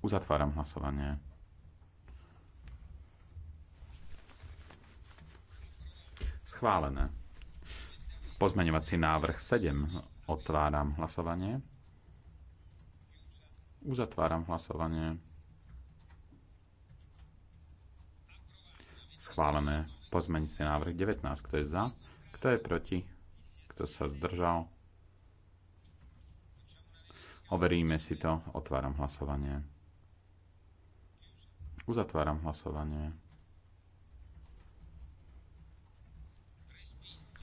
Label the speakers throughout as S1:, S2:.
S1: Uzatváram hlasovanie. Schválené. Pozmeňovací návrh 7. Otváram hlasovanie. Uzatváram hlasovanie. Schválené. si návrh 19. Kto je za? Kto je proti? Kto sa zdržal? Overíme si to. Otváram hlasovanie. Uzatváram hlasovanie.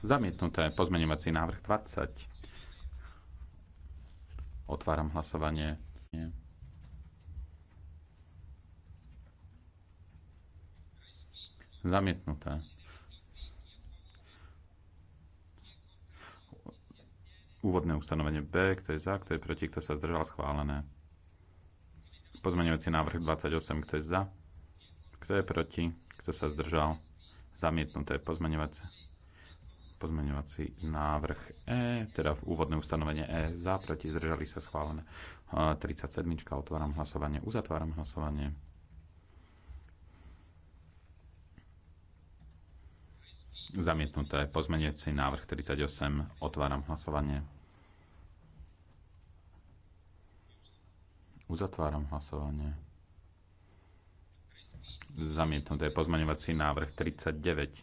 S1: Zamietnuté pozmeňovací návrh 20. Otváram hlasovanie. Nie. Zamietnuté. Úvodné ustanovenie B, kto je za, kto je proti, kto sa zdržal, schválené. Pozmeňujúci návrh 28, kto je za, kto je proti? Kto sa zdržal? Zamietnuté pozmeňovacie pozmeňovací návrh E, teda v úvodné ustanovenie E za, proti, zdržali sa schválené. 37. Otváram hlasovanie, uzatváram hlasovanie. Zamietnuté pozmeňovací návrh 38. Otváram hlasovanie. Uzatváram hlasovanie. Zamietnuté pozmaňovací návrh 39.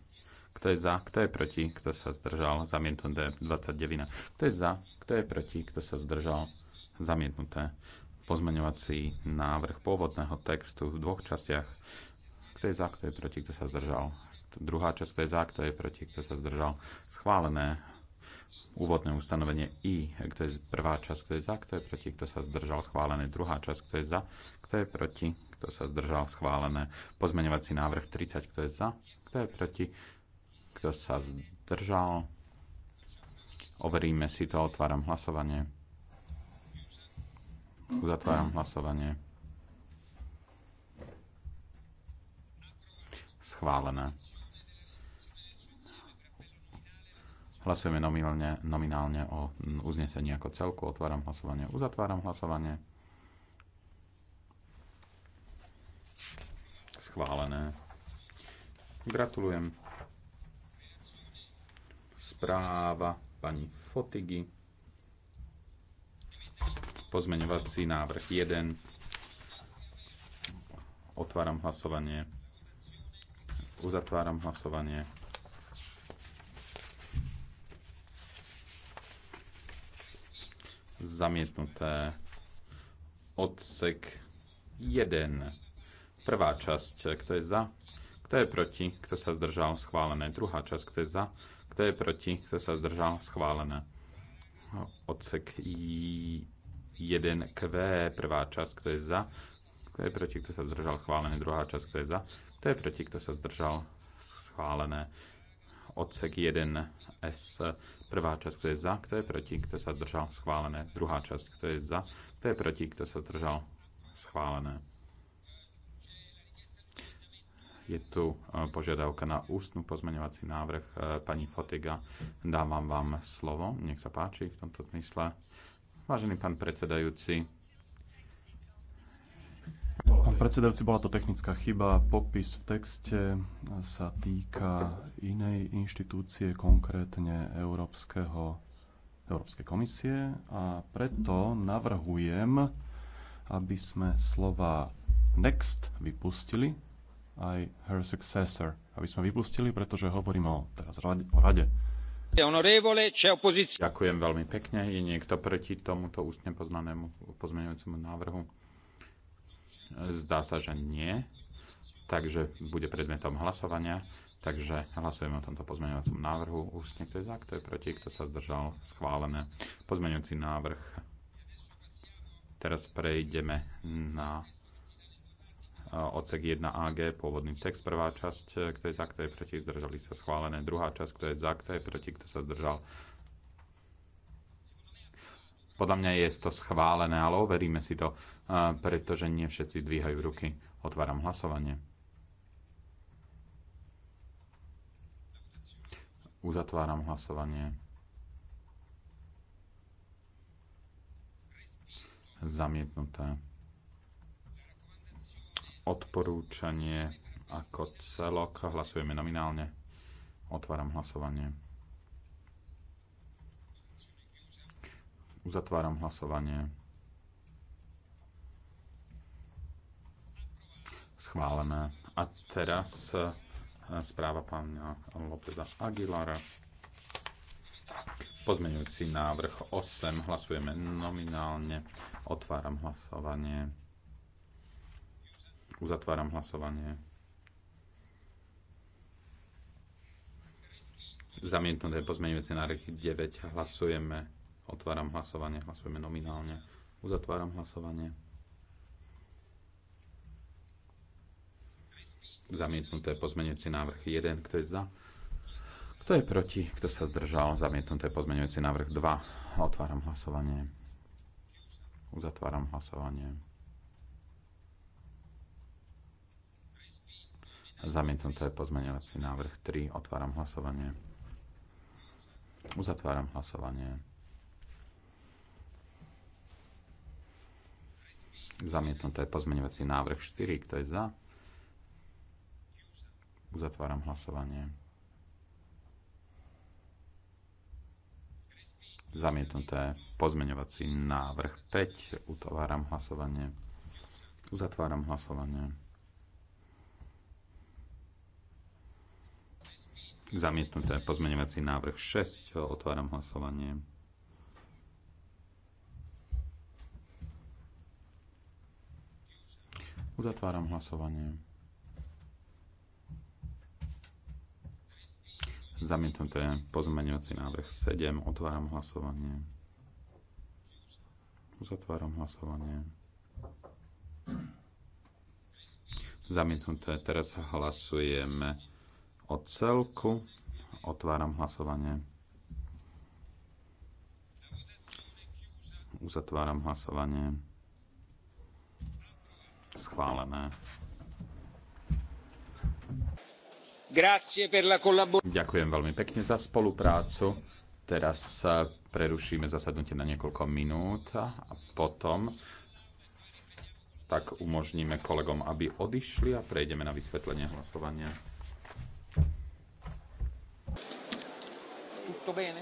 S1: Kto je za, kto je proti, kto sa zdržal? Zamietnuté 29. Kto je za, kto je proti, kto sa zdržal? Zamietnuté pozmeňovací návrh pôvodného textu v dvoch častiach. Kto je za, kto je proti, kto sa zdržal? Druhá časť, kto je za, kto je proti, kto sa zdržal? Schválené úvodné ustanovenie I, kto je prvá časť, kto je za, kto je proti, kto sa zdržal schválené, druhá časť, kto je za, kto je proti, kto sa zdržal schválené, pozmeňovací návrh 30, kto je za, kto je proti, kto sa zdržal, overíme si to, otváram hlasovanie, uzatváram hlasovanie, schválené. Hlasujeme nominálne, nominálne o uznesení ako celku. Otváram hlasovanie, uzatváram hlasovanie. Schválené. Gratulujem. Správa pani Fotigy. Pozmeňovací návrh 1. Otváram hlasovanie. Uzatváram hlasovanie. zamietnuté. Odsek 1. Prvá časť, kto je za, kto je proti, kto sa zdržal, schválené. Druhá časť, kto je za, kto je proti, kto sa zdržal, schválené. Odsek 1Q, prvá časť, kto je za, kto je proti, kto sa zdržal, schválené. Druhá časť, kto je za, kto je proti, kto sa zdržal, schválené. Odsek 1 s. Prvá časť, kto je za, kto je proti, kto sa zdržal, schválené. Druhá časť, kto je za, kto je proti, kto sa zdržal, schválené. Je tu e, požiadavka na ústnu pozmeňovací návrh e, pani Fotiga. Dávam vám slovo, nech sa páči v tomto smysle. Vážený pán predsedajúci,
S2: predsedajúci, bola to technická chyba. Popis v texte sa týka inej inštitúcie, konkrétne Európskeho, Európskej komisie a preto navrhujem, aby sme slova next vypustili aj her successor, aby sme
S1: vypustili, pretože hovoríme o, teraz o rade. Ďakujem veľmi pekne. Je niekto proti tomuto ústne poznanému pozmeňujúcemu návrhu? Zdá sa, že nie. Takže bude predmetom hlasovania. Takže hlasujeme o tomto pozmeňovacom návrhu. Ústne, kto je za, kto je proti, kto sa zdržal, schválené. Pozmeňujúci návrh. Teraz prejdeme na e, odsek 1AG, pôvodný text, prvá časť, e, kto je za, kto je proti, zdržali sa schválené, druhá časť, kto je za, kto je proti, kto sa zdržal, podľa mňa je to schválené, ale overíme si to, pretože nie všetci dvíhajú ruky. Otváram hlasovanie. Uzatváram hlasovanie. Zamietnuté. Odporúčanie ako celok. Hlasujeme nominálne. Otváram hlasovanie. Uzatváram hlasovanie. Schválené. A teraz eh, správa pána Lopeza Aguilara. Pozmeňujúci návrh 8. Hlasujeme nominálne. Otváram hlasovanie. Uzatváram hlasovanie. Zamietnuté pozmeňujúce návrh 9. Hlasujeme Otváram hlasovanie, hlasujeme nominálne. Uzatváram hlasovanie. Zamietnuté pozmeňujúci návrh 1. Kto je za? Kto je proti? Kto sa zdržal? Zamietnuté pozmeňujúci návrh 2. Otváram hlasovanie. Uzatváram hlasovanie. Zamietnuté pozmeňovací návrh 3. Otváram hlasovanie. Uzatváram hlasovanie. Zamietnuté pozmeňovací návrh 4. Kto je za? Uzatváram hlasovanie. Zamietnuté pozmeňovací návrh 5. Utováram hlasovanie. Uzatváram hlasovanie. Zamietnuté pozmeňovací návrh 6. Otváram hlasovanie. Uzatváram hlasovanie. Zamietnuté pozmeňovací návrh 7. Otváram hlasovanie. Uzatváram hlasovanie. Zamietnuté. Teraz hlasujeme o celku. Otváram hlasovanie. Uzatváram hlasovanie. Schválené. Ďakujem veľmi pekne za spoluprácu. Teraz prerušíme zasadnutie na niekoľko minút a potom tak umožníme kolegom, aby odišli a prejdeme na vysvetlenie hlasovania. Tutto bene?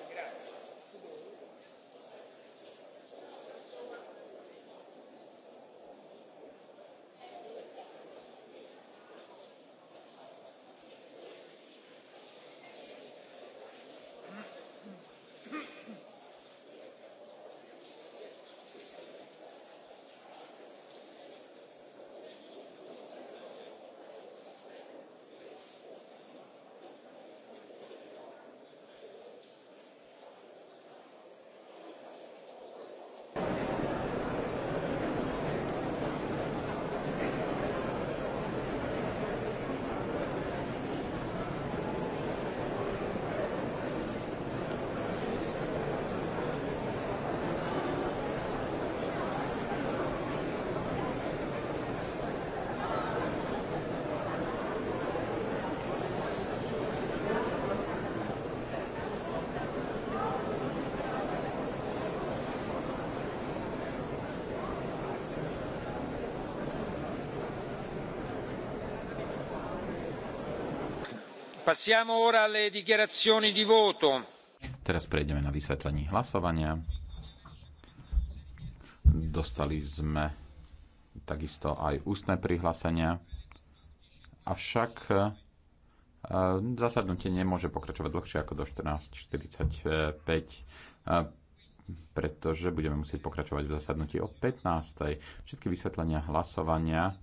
S1: Teraz prejdeme na vysvetlenie hlasovania. Dostali sme takisto aj ústne prihlásenia. Avšak e, zasadnutie nemôže pokračovať dlhšie ako do 14.45 e, pretože budeme musieť pokračovať v zasadnutí o 15. Všetky vysvetlenia hlasovania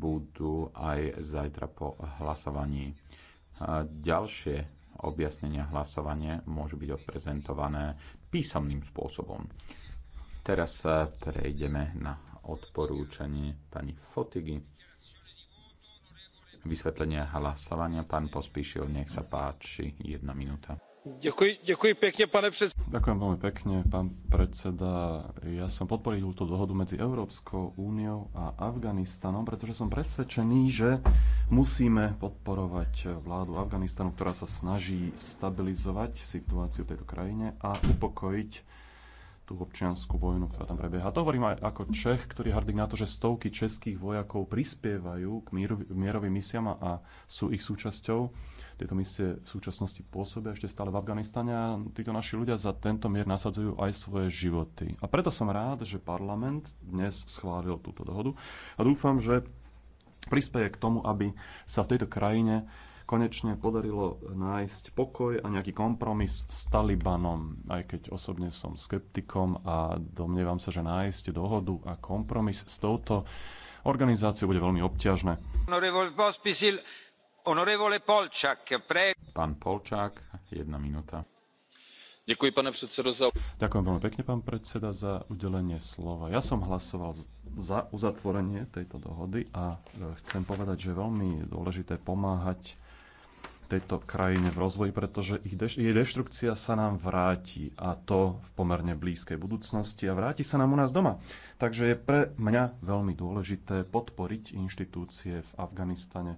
S1: budú aj zajtra po hlasovaní. Ďalšie objasnenia hlasovania môžu byť odprezentované písomným spôsobom. Teraz prejdeme na odporúčanie pani Fotigy. Vysvetlenie hlasovania. Pán Pospíšil, nech sa páči, jedna minúta.
S3: Ďakujem
S1: veľmi pekne,
S2: pán predseda. Ja som podporil túto dohodu medzi Európskou úniou a Afganistanom, pretože som presvedčený, že musíme podporovať vládu Afganistanu, ktorá sa snaží stabilizovať situáciu v tejto krajine a upokojiť tú občianskú vojnu, ktorá tam prebieha. A to hovorím aj ako Čech, ktorý je hrdý na to, že stovky českých vojakov prispievajú k mierovým, mierovým misiam a sú ich súčasťou. Tieto misie v súčasnosti pôsobia ešte stále v Afganistane a títo naši ľudia za tento mier nasadzujú aj svoje životy. A preto som rád, že parlament dnes schválil túto dohodu a dúfam, že prispieje k tomu, aby sa v tejto krajine konečne podarilo nájsť pokoj a nejaký kompromis s Talibanom, aj keď osobne som skeptikom a domnievam sa, že nájsť dohodu a kompromis s touto organizáciou bude veľmi obťažné. Pán Polčák, jedna minúta.
S1: Ďakujem, pane predsedo, za...
S2: Ďakujem veľmi pekne, pán predseda, za udelenie slova. Ja som hlasoval za uzatvorenie tejto dohody a e, chcem povedať, že je veľmi dôležité pomáhať tejto krajine v rozvoji, pretože ich deš- jej deštrukcia sa nám vráti a to v pomerne blízkej budúcnosti a vráti sa nám u nás doma. Takže je pre mňa veľmi dôležité podporiť inštitúcie v Afganistane,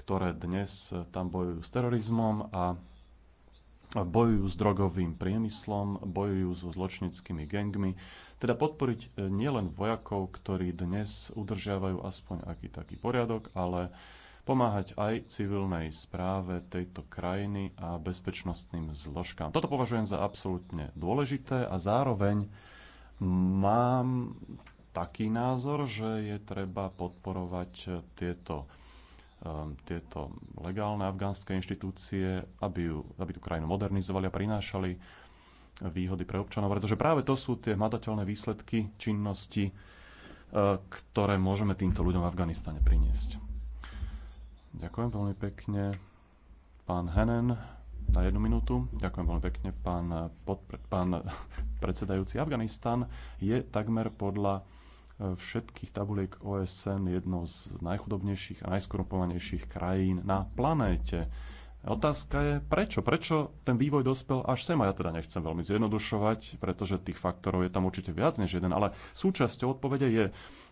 S2: ktoré dnes e, tam bojujú s terorizmom a bojujú s drogovým priemyslom, bojujú so zločnickými gengmi, teda podporiť e, nielen vojakov, ktorí dnes udržiavajú aspoň aký taký poriadok, ale pomáhať aj civilnej správe tejto krajiny a bezpečnostným zložkám. Toto považujem za absolútne dôležité a zároveň mám taký názor, že je treba podporovať tieto, um, tieto legálne afgánske inštitúcie, aby, ju, aby tú krajinu modernizovali a prinášali výhody pre občanov, pretože práve to sú tie hmatateľné výsledky činnosti, uh, ktoré môžeme týmto ľuďom v Afganistane priniesť. Ďakujem veľmi pekne, pán Henen, na jednu minútu. Ďakujem veľmi pekne, pán, podpre, pán predsedajúci. Afganistan je takmer podľa e, všetkých tabuliek OSN jednou z najchudobnejších a najskorumpovanejších krajín na planéte. Otázka je, prečo? Prečo ten vývoj dospel až sem? A ja teda nechcem veľmi zjednodušovať, pretože tých faktorov je tam určite viac než jeden, ale súčasťou odpovede je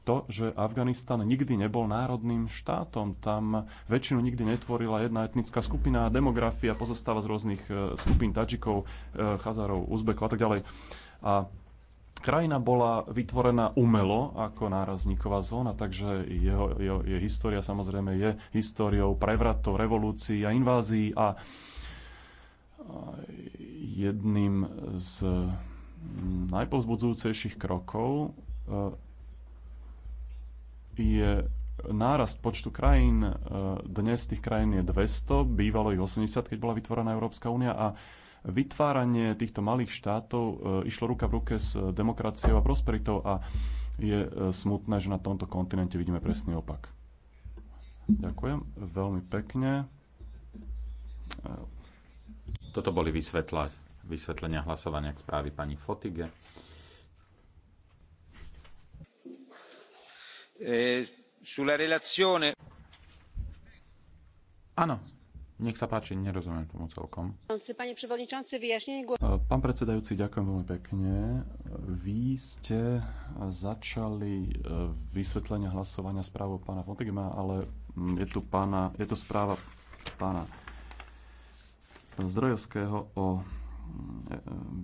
S2: to, že Afganistan nikdy nebol národným štátom. Tam väčšinu nikdy netvorila jedna etnická skupina, demografia pozostáva z rôznych eh, skupín Tadžikov, eh, Chazarov, Uzbekov a tak ďalej. A Krajina bola vytvorená umelo ako nárazníková zóna, takže jeho, jeho, jeho história samozrejme je históriou prevratov, revolúcií a invázií a jedným z najpovzbudzujúcejších krokov e, je nárast počtu krajín. E, dnes tých krajín je 200, bývalo ich 80, keď bola vytvorená Európska únia a vytváranie týchto malých štátov e, išlo ruka v ruke s demokraciou a prosperitou a je e, smutné, že na tomto kontinente vidíme presný opak. Ďakujem veľmi pekne.
S1: E, Toto boli vysvetla, vysvetlenia hlasovania k správy pani Fotige.
S3: sulla relazione...
S1: Áno, nech sa
S2: páči, nerozumiem tomu celkom.
S4: E,
S2: pán predsedajúci, ďakujem veľmi pekne. Vy ste začali e, vysvetlenie hlasovania správu pána Fontegema, ale mm, je tu, pána, je tu správa pána Zdrojevského o mm, e,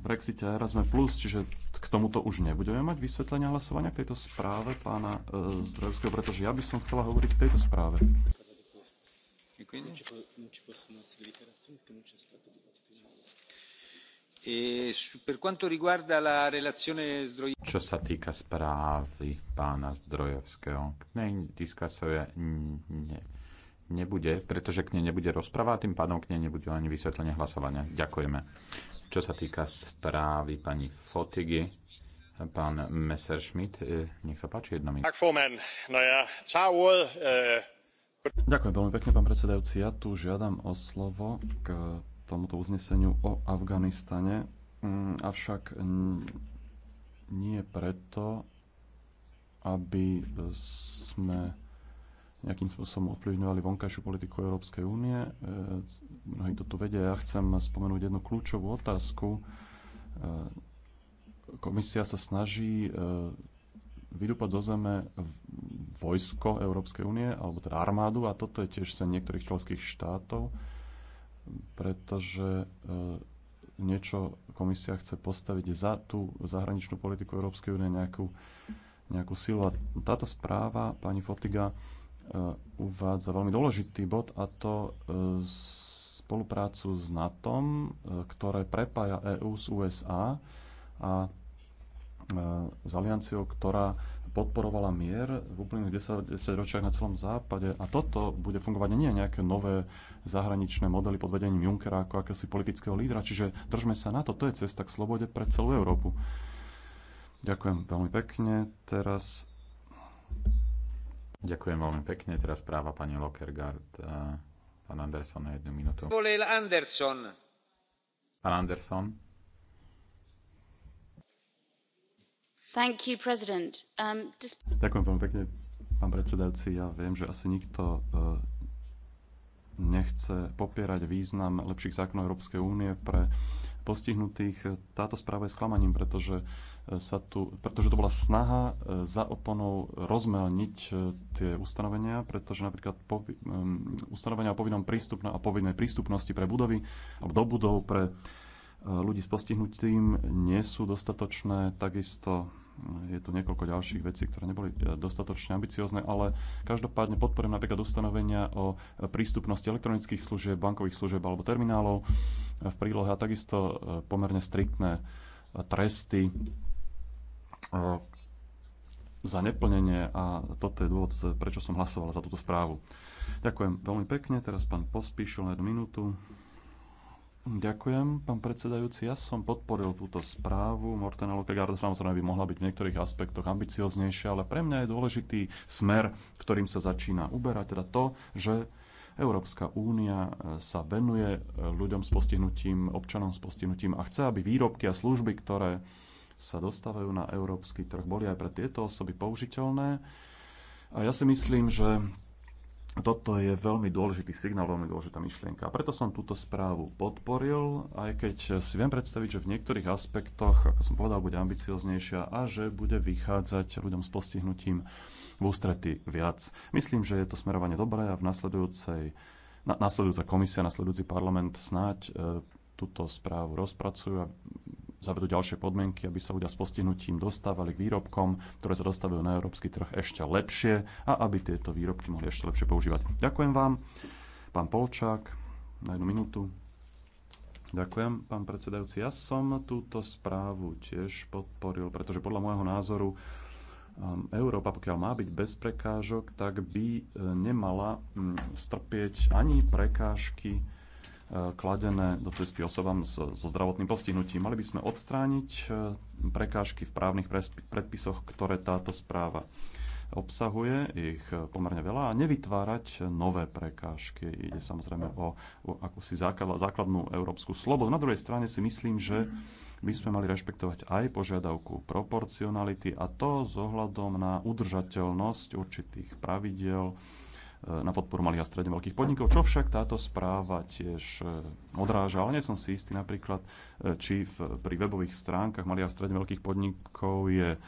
S2: Brexite Erasme Plus, čiže k tomuto už nebudeme mať vysvetlenia hlasovania k tejto správe pána Zdrojevského, pretože ja by som chcela hovoriť k tejto správe
S3: skupine.
S1: E, Čo sa týka správy pána Zdrojevského, k nej diskusia ne, nebude, pretože k nej nebude rozpráva a tým pádom k nej nebude ani vysvetlenie hlasovania. Ďakujeme. Čo sa týka správy pani Fotigy, pán Messerschmidt, e, nech sa páči jedna minúta.
S2: Tak, formand. Når jeg tager ordet, øh
S1: Ďakujem veľmi pekne, pán predsedajúci. Ja tu žiadam o
S2: slovo k tomuto uzneseniu o Afganistane, mm, avšak nie preto, aby sme nejakým spôsobom ovplyvňovali vonkajšiu politiku Európskej únie. E, mnohí to tu vedia. Ja chcem spomenúť jednu kľúčovú otázku. E, komisia sa snaží e, vydúpať zo zeme vojsko Európskej únie, alebo teda armádu, a toto je tiež sen niektorých členských štátov, pretože e, niečo komisia chce postaviť za tú zahraničnú politiku Európskej únie nejakú, nejakú silu. A táto správa pani Fotiga e, uvádza veľmi dôležitý bod a to e, spoluprácu s NATO, ktoré prepája EÚ s USA a E, s alianciou, ktorá podporovala mier v úplných 10, 10 ročiach na celom západe. A toto bude fungovať nie nejaké nové zahraničné modely pod vedením Junckera ako akési politického lídra. Čiže držme sa na to. To je cesta k slobode pre celú Európu.
S1: Ďakujem veľmi pekne. Teraz... Ďakujem veľmi pekne. Teraz práva pani Lockergard. E, pán Anderson na jednu minútu. Pán Anderson.
S4: Um,
S1: Ďakujem veľmi pekne,
S2: pán predsedajúci. Ja viem, že asi nikto e, nechce popierať význam lepších zákonov Európskej únie pre postihnutých. Táto správa je sklamaním, pretože, e, sa tu, pretože to bola snaha e, za oponou rozmelniť tie ustanovenia, pretože napríklad povi, um, ustanovenia o povinnom prístupnom a povinnej prístupnosti pre budovy alebo do budov pre ľudí s postihnutím nie sú dostatočné. Takisto je tu niekoľko ďalších vecí, ktoré neboli e, dostatočne ambiciozne, ale každopádne podporujem napríklad ustanovenia o prístupnosti elektronických služieb, bankových služieb alebo terminálov e, v prílohe a takisto e, pomerne striktné tresty za neplnenie a toto je dôvod, prečo som hlasoval za túto správu. Ďakujem veľmi pekne. Teraz pán Pospíšil na jednu minútu. Ďakujem, pán predsedajúci. Ja som podporil túto správu. Mortena Lokegarda samozrejme by mohla byť v niektorých aspektoch ambicioznejšia, ale pre mňa je dôležitý smer, ktorým sa začína uberať, teda to, že Európska únia e, sa venuje e, ľuďom s postihnutím, občanom s postihnutím a chce, aby výrobky a služby, ktoré sa dostávajú na európsky trh, boli aj pre tieto osoby použiteľné. A ja si myslím, že toto je veľmi dôležitý signál, veľmi dôležitá myšlienka. A preto som túto správu podporil, aj keď si viem predstaviť, že v niektorých aspektoch, ako som povedal, bude ambicioznejšia a že bude vychádzať ľuďom s postihnutím v ústrety viac. Myslím, že je to smerovanie dobré a v nasledujúcej, na, nasledujúca komisia, nasledujúci parlament snáď e, túto správu rozpracujú a zavedú ďalšie podmienky, aby sa ľudia s postihnutím dostávali k výrobkom, ktoré sa dostavujú na európsky trh ešte lepšie a aby tieto výrobky mohli ešte lepšie používať. Ďakujem vám, pán Polčák, na jednu minútu. Ďakujem, pán predsedajúci. Ja som túto správu tiež podporil, pretože podľa môjho názoru um, Európa, pokiaľ má byť bez prekážok, tak by e, nemala mm, strpieť ani prekážky Eh, kladené do cesty osobám so, so zdravotným postihnutím. Mali by sme odstrániť eh, prekážky v právnych predpisoch, ktoré táto správa obsahuje, ich eh, pomerne veľa, a nevytvárať nové prekážky. Ide samozrejme o, o akúsi základ, základnú európsku slobodu. Na druhej strane si myslím, že by sme mali rešpektovať aj požiadavku proporcionality a to s ohľadom na udržateľnosť určitých pravidel na podporu malých a stredne veľkých podnikov, čo však táto správa tiež e, odráža. Ale nie som si istý napríklad, e, či v, pri webových stránkach malých a stredne veľkých podnikov je e,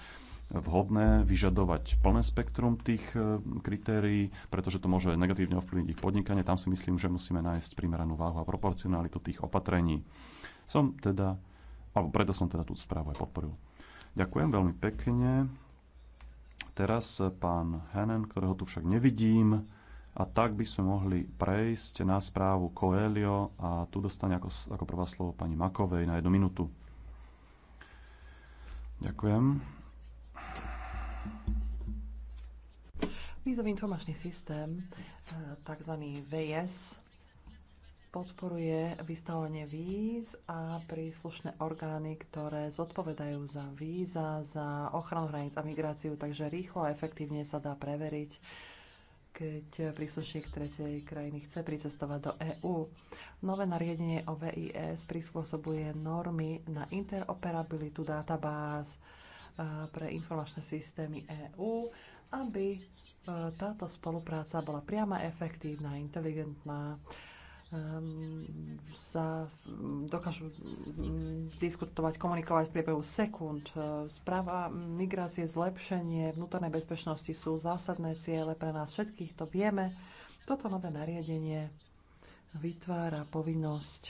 S2: vhodné vyžadovať plné spektrum tých kritérií, pretože to môže negatívne ovplyvniť ich podnikanie. Tam si myslím, že musíme nájsť primeranú váhu a proporcionalitu tých opatrení. Som teda, alebo preto som teda tú správu aj podporil. Ďakujem veľmi pekne. Teraz pán Henen, ktorého tu však nevidím, a tak by sme mohli prejsť na správu Koelio a tu dostane ako, ako prvá slovo pani Makovej na jednu minútu. Ďakujem.
S5: Vízový informačný systém, e, tzv. VS, e podporuje vystavovanie víz a príslušné orgány, ktoré zodpovedajú za víza, za ochranu hraníc a migráciu, takže rýchlo a efektívne sa dá preveriť, keď príslušník tretej krajiny chce pricestovať do EÚ. Nové nariadenie o VIS prispôsobuje normy na interoperabilitu databáz e, pre informačné systémy EÚ, aby e, táto spolupráca bola priama efektívna, inteligentná, Ehm, sa dokážu mm, diskutovať, komunikovať v priebehu sekúnd. Ehm, správa migrácie, zlepšenie vnútornej bezpečnosti sú zásadné ciele pre nás všetkých, to vieme. Toto nové nariadenie vytvára povinnosť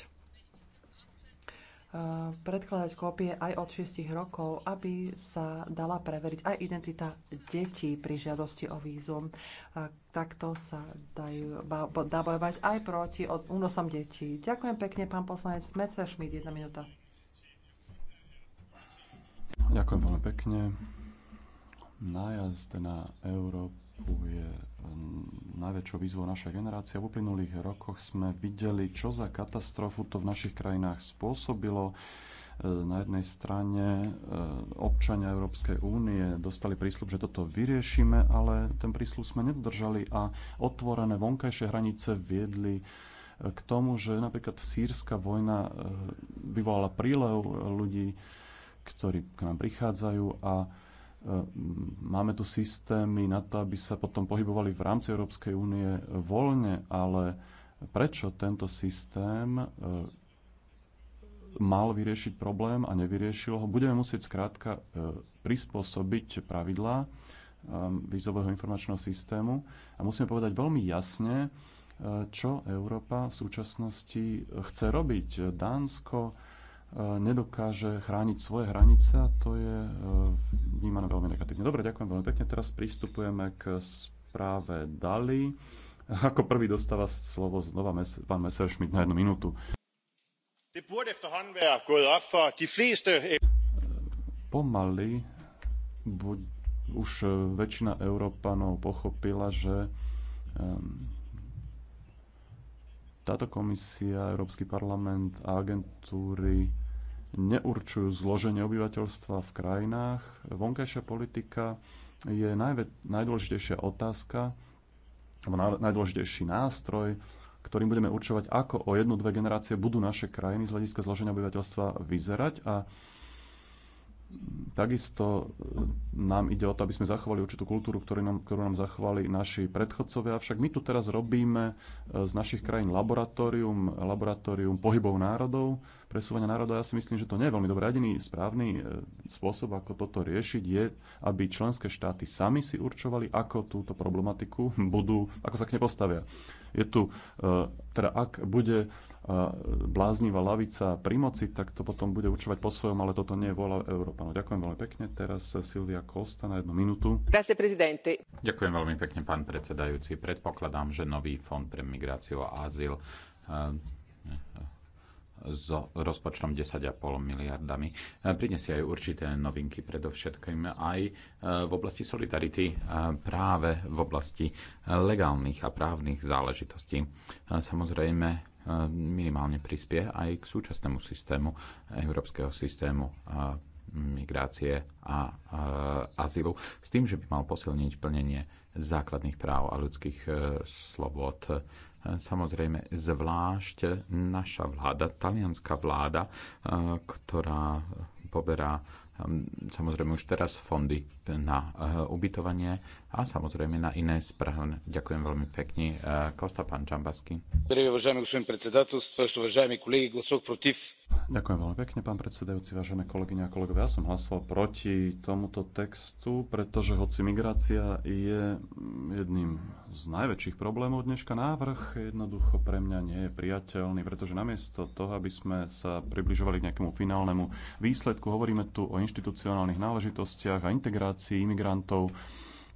S5: Eh, predkladať kópie aj od 6 rokov, aby sa dala preveriť aj identita detí pri žiadosti o vízum. A takto sa dajú, dá bojovať aj proti od únosom detí. Ďakujem pekne, pán poslanec Messerschmidt, jedna minúta.
S2: Ďakujem veľmi pekne. Nájazd na Európu je eh, najväčšou výzvou naša generácia. V uplynulých rokoch sme videli, čo za katastrofu to v našich krajinách spôsobilo. Eh, na jednej strane eh, občania Európskej únie dostali prísľub, že toto vyriešime, ale ten prísľub sme nedodržali a otvorené vonkajšie hranice viedli k tomu, že napríklad sírska vojna vyvolala prílev ľudí, ktorí k nám prichádzajú a Ehm, máme tu systémy na to, aby sa potom pohybovali v rámci Európskej únie voľne, ale prečo tento systém ehm, mal vyriešiť problém a nevyriešil ho. Budeme musieť skrátka ehm, prispôsobiť pravidlá vízového informačného systému a musíme povedať veľmi jasne, čo Európa v súčasnosti chce robiť. Dánsko nedokáže chrániť svoje hranice a to je e, vnímané veľmi negatívne. Dobre, ďakujem veľmi pekne. Teraz pristupujeme k správe Dali. Ako prvý dostáva slovo znova mes- pán Messerschmidt na jednu minútu. Pomaly buď, už e, väčšina Európanov pochopila, že um, táto komisia, Európsky parlament a agentúry neurčujú zloženie obyvateľstva v krajinách. Vonkajšia politika je najdôležitejšia otázka, alebo najdôležitejší nástroj, ktorým budeme určovať, ako o jednu, dve generácie budú naše krajiny z hľadiska zloženia obyvateľstva vyzerať a Takisto e, nám ide o to, aby sme zachovali určitú kultúru, ktorú nám, ktorú nám zachovali naši predchodcovia. Avšak my tu teraz robíme e, z našich krajín laboratórium, laboratórium pohybov národov, presúvania národov. Ja si myslím, že to nie je veľmi dobrý. Jediný správny e, spôsob, ako toto riešiť, je, aby členské štáty sami si určovali, ako túto problematiku budú, ako sa k nej postavia. Je tu, teda ak bude bláznivá lavica pri moci, tak to potom bude určovať po svojom, ale toto nie je vôľa No, Ďakujem veľmi pekne. Teraz Silvia Kosta na jednu minútu.
S5: Ďakujem
S1: veľmi pekne, pán predsedajúci. Predpokladám, že nový fond pre migráciu a azyl eh, eh, s rozpočtom 10,5 miliardami. Eh, prinesie aj určité novinky, predovšetkým aj v oblasti solidarity, práve v oblasti legálnych a právnych záležitostí. Samozrejme, minimálne prispie aj k súčasnému systému, európskeho systému migrácie a azylu, s tým, že by mal posilniť plnenie základných práv a ľudských e, slobod. E, samozrejme, zvlášť naša vláda, talianská vláda, e, ktorá poberá Ehm, samozrejme už teraz fondy na eh, ubytovanie a samozrejme na iné správne. Ďakujem veľmi pekne. Eh, Kosta pán Čambasky.
S2: Ďakujem veľmi pekne, pán predsedajúci, vážené kolegyne a kolegovia. Ja som hlasoval proti tomuto textu, pretože hoci migrácia je jedným z najväčších problémov dneška, návrh jednoducho pre mňa nie je priateľný, pretože namiesto toho, aby sme sa približovali k nejakému finálnemu výsledku, hovoríme tu o inštitucionálnych náležitostiach a integrácii imigrantov,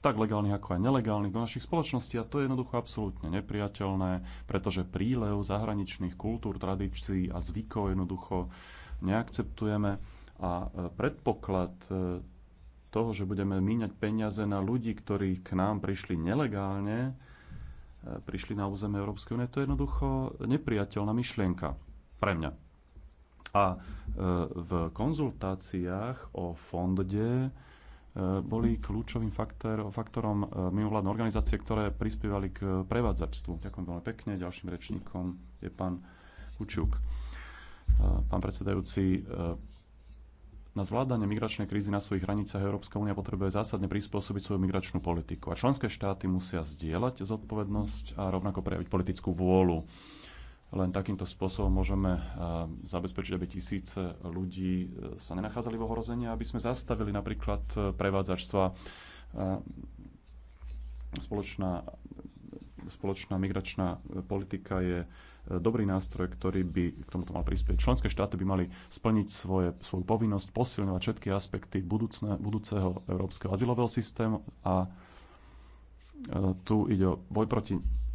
S2: tak legálnych ako aj nelegálnych do našich spoločností a to je jednoducho absolútne nepriateľné, pretože prílev zahraničných kultúr, tradícií a zvykov jednoducho neakceptujeme a e, predpoklad e, toho, že budeme míňať peniaze na ľudí, ktorí k nám prišli nelegálne, e, prišli na územie Európskej únie, to je jednoducho nepriateľná myšlienka pre mňa. A e, v konzultáciách o fonde e, boli kľúčovým faktor, faktorom e, mimovládne organizácie, ktoré prispievali k prevádzačstvu. Ďakujem veľmi pekne. Ďalším rečníkom je pán Kučuk. Pán predsedajúci, na zvládanie migračnej krízy na svojich hraniciach Európska únia potrebuje zásadne prispôsobiť svoju migračnú politiku a členské štáty musia zdieľať zodpovednosť a rovnako prejaviť politickú vôľu. Len takýmto spôsobom môžeme eh, zabezpečiť, aby tisíce ľudí eh, sa nenachádzali v ohrození, aby sme zastavili napríklad eh, prevádzačstva spoločná, spoločná migračná politika je dobrý nástroj, ktorý by k tomuto mal prispieť. Členské štáty by mali splniť svoje, svoju povinnosť, posilňovať všetky aspekty budúcne, budúceho európskeho azylového systému a tu ide o boj proti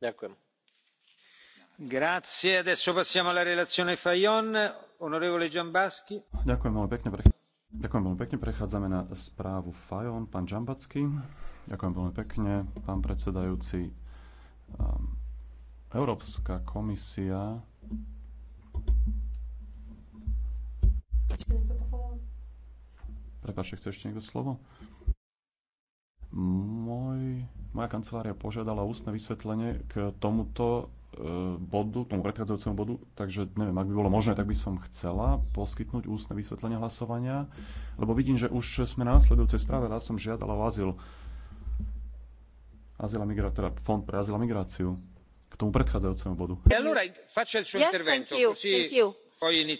S4: ďakujem.
S2: veľmi pekne. Prechádzame na správu Fajon. Pán Žambacký. Ďakujem veľmi pekne, pán predsedajúci. Ehm, Európska komisia Prepačte, chce ešte niekto slovo? Moja kancelária požiadala ústne vysvetlenie k tomuto e, bodu, tomu predchádzajúcemu bodu, takže neviem, ak by bolo možné, tak by som chcela poskytnúť ústne vysvetlenie hlasovania, lebo vidím, že už sme na následujúcej správe, ja som žiadala o azyl, azyl a migra, teda fond pre azyl a migráciu k tomu predchádzajúcemu bodu.
S3: Yeah, thank you, thank you. Eh,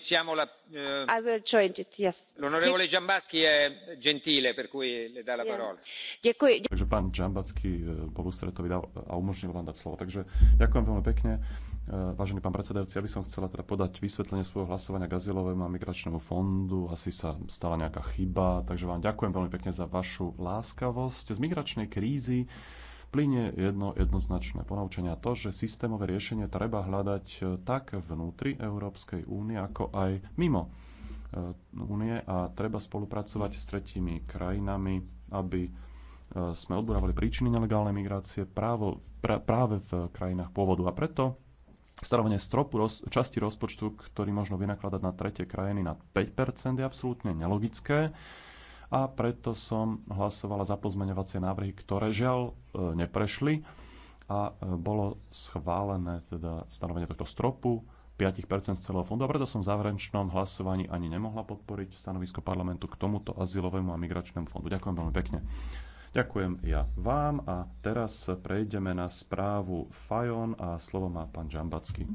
S3: dzhambazki gentile per cui le dá la parola. Takže
S2: pán eh, eh, a umožnil vám dať slovo. Takže ďakujem veľmi pekne. Vážený pán predsedajúci, ja by som chcela teda podať vysvetlenie svojho hlasovania k azylovému a migračnému fondu. Asi sa stala nejaká chyba, takže vám ďakujem veľmi pekne za vašu láskavosť. Z migračnej krízy plyne jedno jednoznačné ponaučenie to, že systémové riešenie treba hľadať e, tak vnútri Európskej únie, ako aj mimo e, únie a treba spolupracovať s tretími krajinami, aby e, sme odburávali príčiny nelegálnej migrácie právo, pra, práve v krajinách pôvodu. A preto stanovenie stropu roz, časti rozpočtu, ktorý možno vynakladať na tretie krajiny na 5%, je absolútne nelogické a preto som hlasovala za pozmeňovacie návrhy, ktoré žiaľ e, neprešli a e, bolo schválené teda stanovenie tohto stropu 5% z celého fondu a preto som v záverečnom hlasovaní ani nemohla podporiť stanovisko parlamentu k tomuto azylovému a migračnému fondu. Ďakujem veľmi pekne. Ďakujem ja vám a teraz prejdeme na správu Fajon a slovo má pán Žambacký.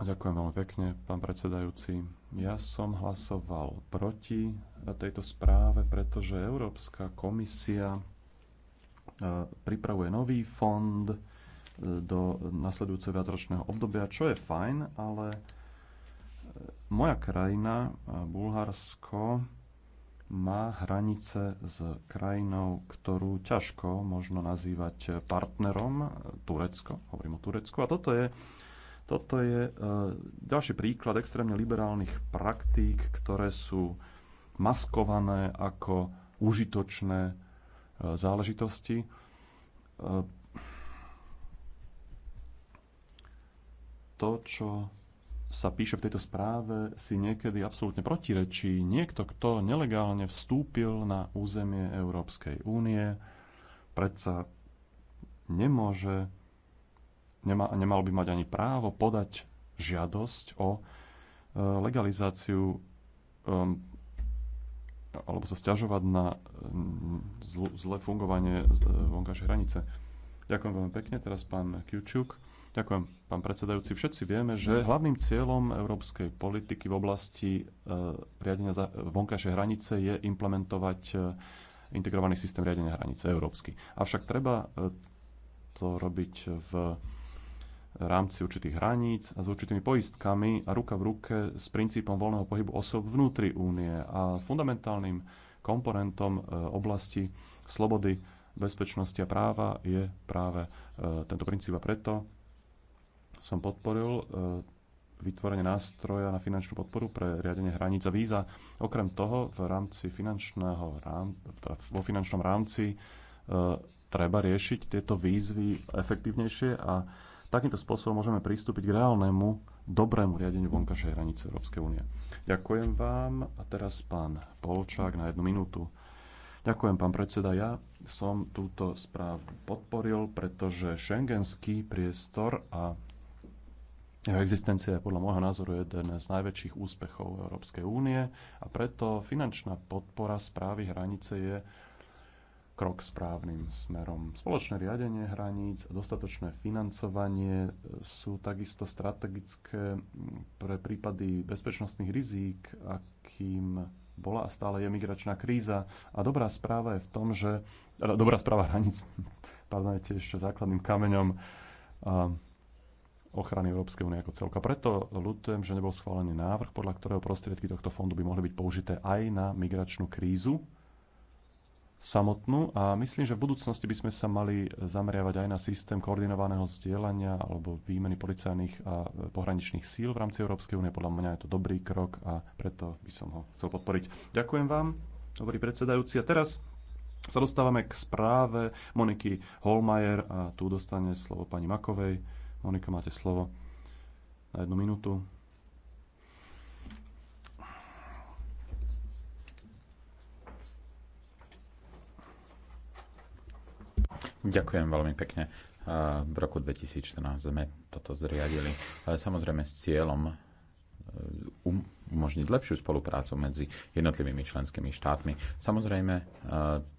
S2: Ďakujem veľmi pekne, pán predsedajúci. Ja som hlasoval proti tejto správe, pretože Európska komisia e, pripravuje nový fond e, do nasledujúceho viacročného obdobia, čo je fajn, ale e, moja krajina, Bulharsko, má hranice s krajinou, ktorú ťažko možno nazývať partnerom, Turecko, hovorím o Turecku, a toto je toto je e, ďalší príklad extrémne liberálnych praktík, ktoré sú maskované ako užitočné e, záležitosti. E, to, čo sa píše v tejto správe, si niekedy absolútne protirečí. Niekto, kto nelegálne vstúpil na územie Európskej únie, predsa nemôže nema, nemal by mať ani právo podať žiadosť o e, legalizáciu um, alebo sa stiažovať na mm, zl zlé fungovanie e, vonkajšej hranice. Ďakujem veľmi pekne. Teraz pán Kiučuk. Ďakujem, pán predsedajúci. Všetci vieme, že hlavným cieľom európskej politiky v oblasti e, riadenia vonkajšej hranice je implementovať integrovaný systém riadenia hranice európsky. Avšak treba to robiť v rámci určitých hraníc a s určitými poistkami a ruka v ruke s princípom voľného pohybu osob vnútri únie a fundamentálnym komponentom e, oblasti slobody, bezpečnosti a práva je práve e, tento princíp a preto som podporil e, vytvorenie nástroja na finančnú podporu pre riadenie hraníc a víza. Okrem toho v rámci finančného rám, teda vo finančnom rámci treba riešiť tieto výzvy efektívnejšie a Takýmto spôsobom môžeme pristúpiť k reálnemu, dobrému riadeniu vonkajšej hranice Európskej únie. Ďakujem vám a teraz pán Polčák na jednu minútu. Ďakujem, pán predseda. Ja som túto správu podporil, pretože šengenský priestor a jeho existencia je podľa môjho názoru jeden z najväčších úspechov Európskej únie a preto finančná podpora správy hranice je krok správnym smerom. Spoločné riadenie hraníc a dostatočné financovanie e, sú takisto strategické pre prípady bezpečnostných rizík, akým bola a stále je migračná kríza. A dobrá správa je v tom, že... E, no, dobrá správa hraníc pardon, je tiež základným kameňom ochrany Európskej únie ako celka. Preto ľutujem, že nebol schválený návrh, podľa ktorého prostriedky tohto fondu by mohli byť použité aj na migračnú krízu, samotnú a myslím, že v budúcnosti by sme sa mali zameriavať aj na systém koordinovaného zdieľania alebo výmeny policajných a pohraničných síl v rámci Európskej únie. Podľa mňa je to dobrý krok a preto by som ho chcel podporiť. Ďakujem vám, dobrý predsedajúci. A teraz sa dostávame k správe Moniky Holmajer a tu dostane slovo pani Makovej. Monika, máte slovo na jednu minútu.
S1: Ďakujem veľmi pekne. V roku 2014 sme toto zriadili. Samozrejme s cieľom e, um, umožniť lepšiu spoluprácu medzi jednotlivými členskými štátmi. Samozrejme, e,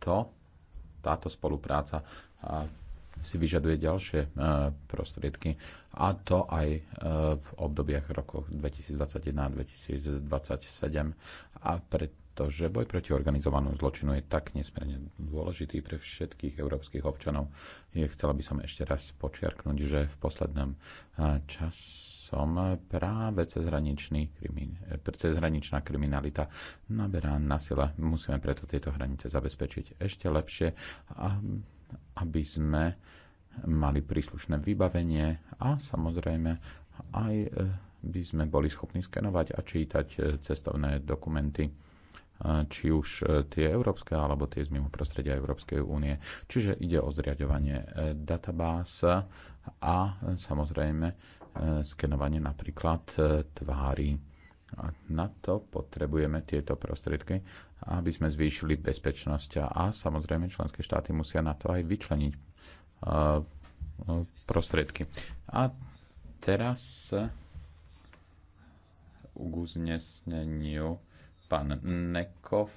S1: to, táto spolupráca si vyžaduje ďalšie e, prostriedky a to aj v obdobiach rokov 2021 a 2027 a preto pretože boj proti organizovanú zločinu je tak nesmierne dôležitý pre všetkých európskych občanov. Je, chcela by som ešte raz počiarknúť, že v poslednom eh, časom práve cezhraničný krimin, eh, cezhraničná kriminalita naberá na sile. Musíme preto tieto hranice zabezpečiť ešte lepšie, aby sme mali príslušné vybavenie a samozrejme aj eh, by sme boli schopní skenovať a čítať cestovné dokumenty či už e, tie európske alebo tie z mimo prostredia Európskej únie. Čiže ide o zriadovanie e, databáz a samozrejme e, skenovanie napríklad tvári. A na to potrebujeme tieto prostriedky, aby sme zvýšili bezpečnosť a samozrejme členské štáty musia na to aj vyčleniť prostriedky. A teraz k uzneseniu pán Nekov.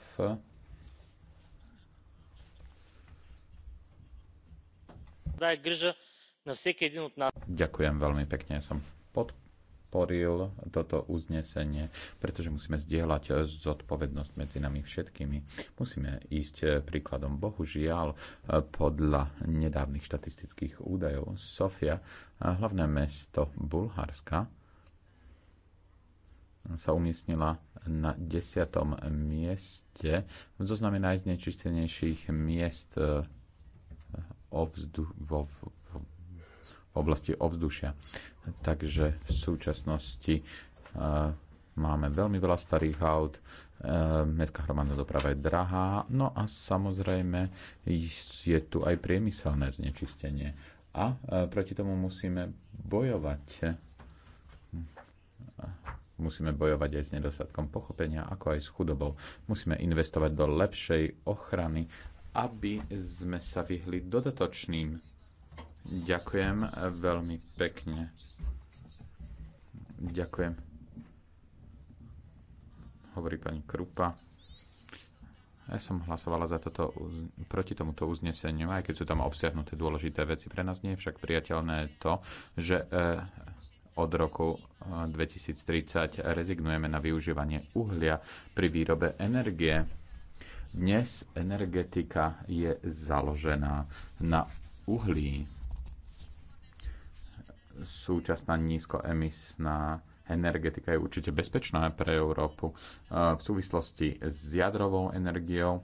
S1: Ďakujem veľmi pekne. Som podporil toto uznesenie, pretože musíme zdieľať zodpovednosť medzi nami všetkými. Musíme ísť príkladom. Bohužiaľ, podľa nedávnych štatistických údajov, Sofia, hlavné mesto Bulharska, sa umiestnila na 10. mieste v zozname najznečistenejších miest e, ovzdu, vo, v oblasti ovzdušia. Takže v súčasnosti e, máme veľmi veľa starých aut, e, mestská hromadná doprava je drahá, no a samozrejme je tu aj priemyselné znečistenie. A proti tomu musíme bojovať. Musíme bojovať aj s nedostatkom pochopenia, ako aj s chudobou. Musíme investovať do lepšej ochrany, aby sme sa vyhli dodatočným. Ďakujem veľmi pekne. Ďakujem. Hovorí pani Krupa. Ja som hlasovala za toto, proti tomuto uzneseniu, aj keď sú tam obsiahnuté dôležité veci. Pre nás nie je však priateľné to, že e, od roku 2030 eh, rezignujeme na využívanie uhlia pri výrobe energie. Dnes energetika je založená na uhlí. Súčasná nízkoemisná energetika je určite bezpečná pre Európu eh, v súvislosti s jadrovou energiou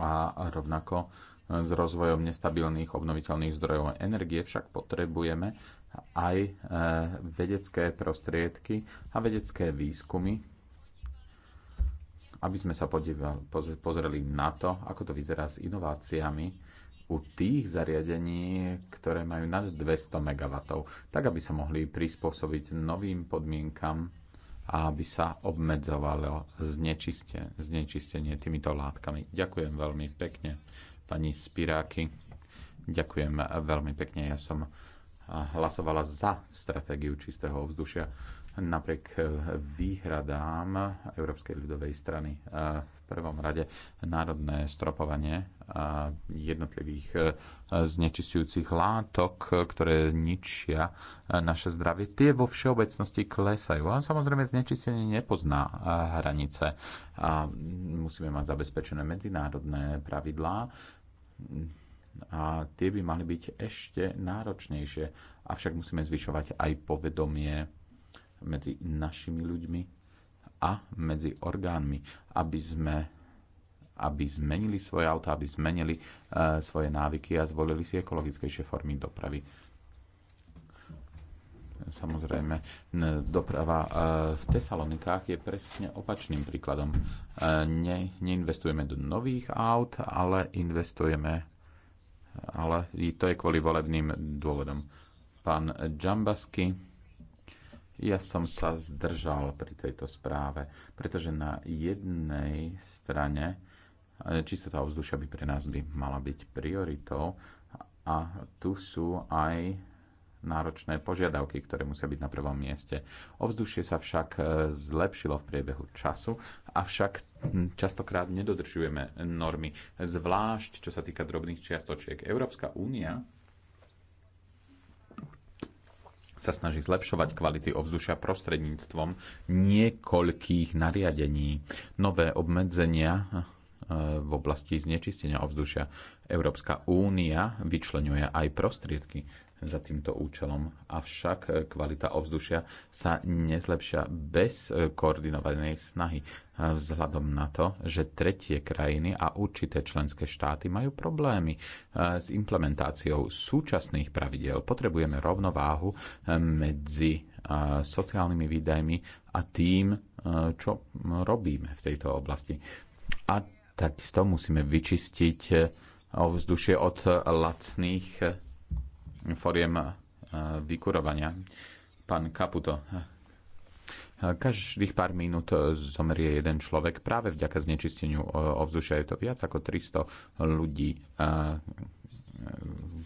S1: a rovnako eh, s rozvojom nestabilných obnoviteľných zdrojov energie však potrebujeme aj e, vedecké prostriedky a vedecké výskumy, aby sme sa pozreli na to, ako to vyzerá s inováciami u tých zariadení, ktoré majú nad 200 MW, tak aby sa mohli prispôsobiť novým podmienkam a aby sa obmedzovalo znečiste, znečistenie týmito látkami. Ďakujem veľmi pekne, pani Spiráky. Ďakujem veľmi pekne. Ja som hlasovala za stratégiu čistého ovzdušia napriek e, výhradám Európskej ľudovej strany. E, v prvom rade národné stropovanie e, jednotlivých znečistujúcich látok, ktoré ničia naše zdravie, tie vo všeobecnosti klesajú. A samozrejme znečistenie nepozná hranice. A musíme mať zabezpečené medzinárodné pravidlá, a tie by mali byť ešte náročnejšie. Avšak musíme zvyšovať aj povedomie medzi našimi ľuďmi a medzi orgánmi, aby sme aby zmenili svoje auta, aby zmenili e, svoje návyky a zvolili si ekologickejšie formy dopravy. Samozrejme, doprava e, v Tesalonikách je presne opačným príkladom. E, ne, neinvestujeme do nových aut, ale investujeme ale to je kvôli volebným dôvodom. Pán Džambasky, ja som sa zdržal pri tejto správe, pretože na jednej strane eh, čistota ovzdušia by pre nás by mala byť prioritou a tu sú aj náročné požiadavky, ktoré musia byť na prvom mieste. Ovzdušie sa však e, zlepšilo v priebehu času, avšak častokrát nedodržujeme normy, zvlášť čo sa týka drobných čiastočiek. Európska únia sa snaží zlepšovať kvality ovzdušia prostredníctvom niekoľkých nariadení. Nové obmedzenia e, v oblasti znečistenia ovzdušia. Európska únia vyčlenuje aj prostriedky za týmto účelom. Avšak e, kvalita ovzdušia sa nezlepšia bez e, koordinovanej snahy e, vzhľadom na to, že tretie krajiny a určité členské štáty majú problémy s implementáciou súčasných pravidel. Potrebujeme rovnováhu medzi sociálnymi výdajmi a tým, čo robíme v tejto oblasti. A takisto musíme vyčistiť ovzdušie od lacných foriem eh, vykurovania. Pán Kaputo, eh, každých pár minút eh, zomrie jeden človek práve vďaka znečisteniu ovzdušia. Je to viac ako 300 ľudí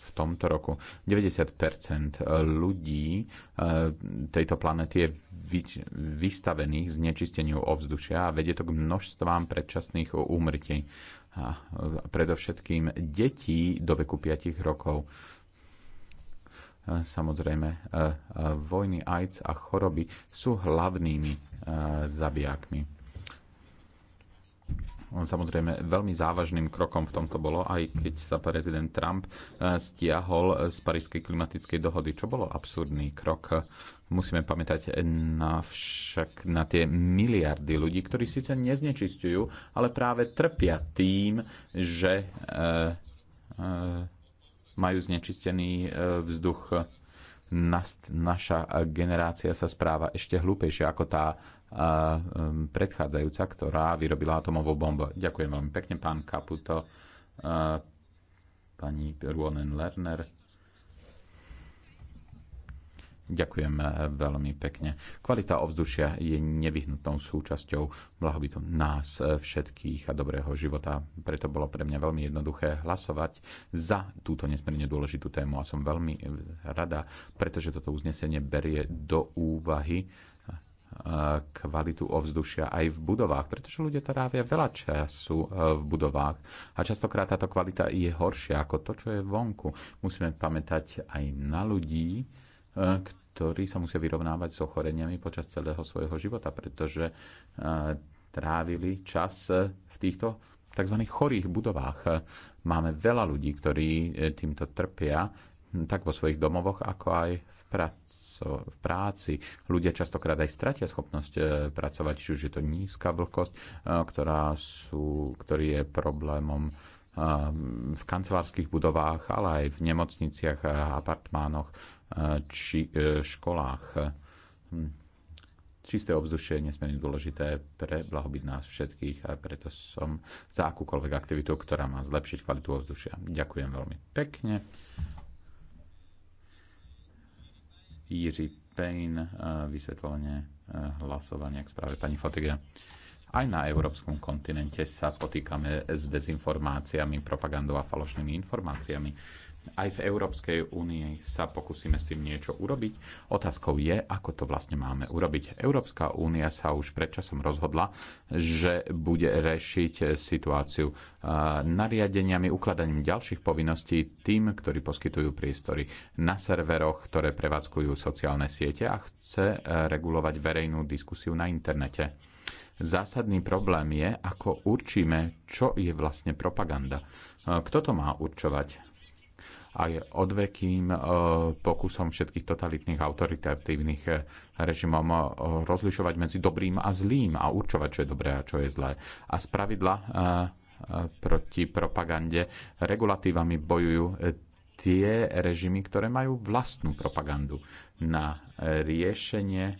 S1: v tomto roku. 90% ľudí tejto planety je vystavených znečisteniu ovzdušia a vedie to k množstvám predčasných úmrtí. A predovšetkým detí do veku 5 rokov Samozrejme, e, e, vojny, AIDS a choroby sú hlavnými e, zabijakmi. Samozrejme, veľmi závažným krokom v tomto bolo, aj keď sa prezident Trump stiahol z Parískej klimatickej dohody, čo bolo absurdný krok. Musíme pamätať na však na tie miliardy ľudí, ktorí síce neznečistujú, ale práve trpia tým, že e, e, majú znečistený e, vzduch. Naša generácia sa správa ešte hlúpejšie ako tá e, predchádzajúca, ktorá vyrobila atomovú bombu. Ďakujem veľmi pekne, pán Kaputo, e, pani Ruonen Lerner. Ďakujem e, veľmi pekne. Kvalita ovzdušia je nevyhnutnou súčasťou blahobytu nás e, všetkých a dobrého života. Preto bolo pre mňa veľmi jednoduché hlasovať za túto nesmierne dôležitú tému a som veľmi e, rada, pretože toto uznesenie berie do úvahy kvalitu ovzdušia aj v budovách, pretože ľudia trávia veľa času v budovách a častokrát táto kvalita je horšia ako to, čo je vonku. Musíme pamätať aj na ľudí, ktorí sa musia vyrovnávať s ochoreniami počas celého svojho života, pretože e, trávili čas e, v týchto tzv. chorých budovách. Máme veľa ľudí, ktorí e, týmto trpia, hm, tak vo svojich domovoch, ako aj v, práci v práci. Ľudia častokrát aj stratia schopnosť pracovať, či už je to nízka vlhkosť, ktorá sú, ktorý je problémom v kancelárskych budovách, ale aj v nemocniciach, apartmánoch či e, školách. Hm. Čisté ovzdušie je nesmierne dôležité pre blahobyt nás všetkých a preto som za akúkoľvek aktivitu, ktorá má zlepšiť kvalitu ovzdušia. Ďakujem veľmi pekne. Jiří Pejn, e, vysvetlenie e, hlasovania k správe pani Fotiga. Aj na európskom kontinente sa potýkame s dezinformáciami, propagandou a falošnými informáciami aj v Európskej únii sa pokúsime s tým niečo urobiť. Otázkou je, ako to vlastne máme urobiť. Európska únia sa už predčasom rozhodla, že bude rešiť situáciu eh, nariadeniami, ukladaním ďalších povinností tým, ktorí poskytujú priestory na serveroch, ktoré prevádzkujú sociálne siete a chce eh, regulovať verejnú diskusiu na internete. Zásadný problém je, ako určíme, čo je vlastne propaganda. Eh, kto to má určovať? aj odvekým e, pokusom všetkých totalitných autoritatívnych e, režimom e, rozlišovať medzi dobrým a zlým a určovať, čo je dobré a čo je zlé. A spravidla proti propagande regulatívami bojujú tie režimy, ktoré majú vlastnú propagandu. Na riešenie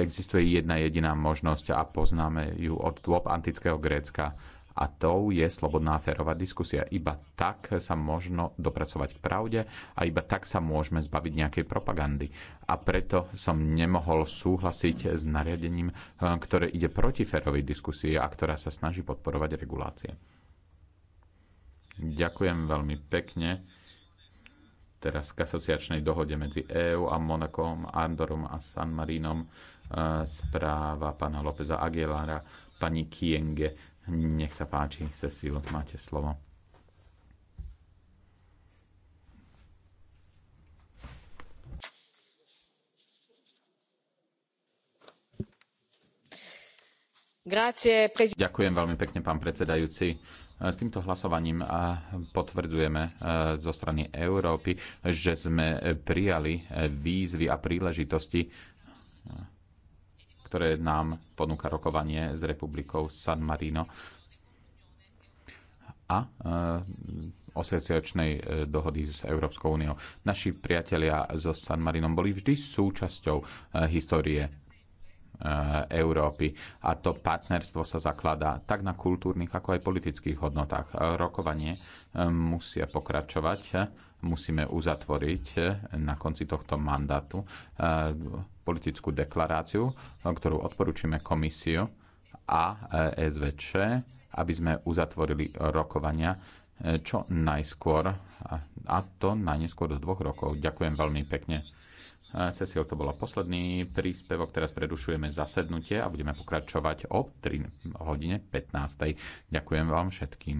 S1: existuje jedna jediná možnosť a poznáme ju od dôb antického Grécka a tou je slobodná férová diskusia. Iba tak sa možno dopracovať k pravde a iba tak sa môžeme zbaviť nejakej propagandy. A preto som nemohol súhlasiť s nariadením, eh, ktoré ide proti férovej diskusii a ktorá sa snaží podporovať regulácie. Ďakujem veľmi pekne teraz k asociačnej dohode medzi EÚ a Monakom, Andorom a San Marinom eh, správa pána Lópeza Aguilara, pani Kienge nech sa páči, Cecil, máte slovo. Ďakujem veľmi pekne, pán predsedajúci. S týmto hlasovaním potvrdzujeme zo strany Európy, že sme prijali e, výzvy a príležitosti ktoré nám ponúka rokovanie s republikou San Marino a e, asociačnej e, dohody s Európskou úniou. Naši priatelia so San Marinom boli vždy súčasťou e, histórie E, Európy. A to partnerstvo sa zakladá tak na kultúrnych, ako aj politických hodnotách. E, rokovanie e, musia pokračovať, musíme uzatvoriť na konci tohto mandátu politickú deklaráciu, ktorú odporúčime komisiu a SVČ, aby sme uzatvorili rokovania čo najskôr, a to najneskôr do dvoch rokov. Ďakujem veľmi pekne sesiou to bolo posledný príspevok. Teraz predušujeme zasednutie a budeme pokračovať o 3 hodine 15. Ďakujem vám všetkým.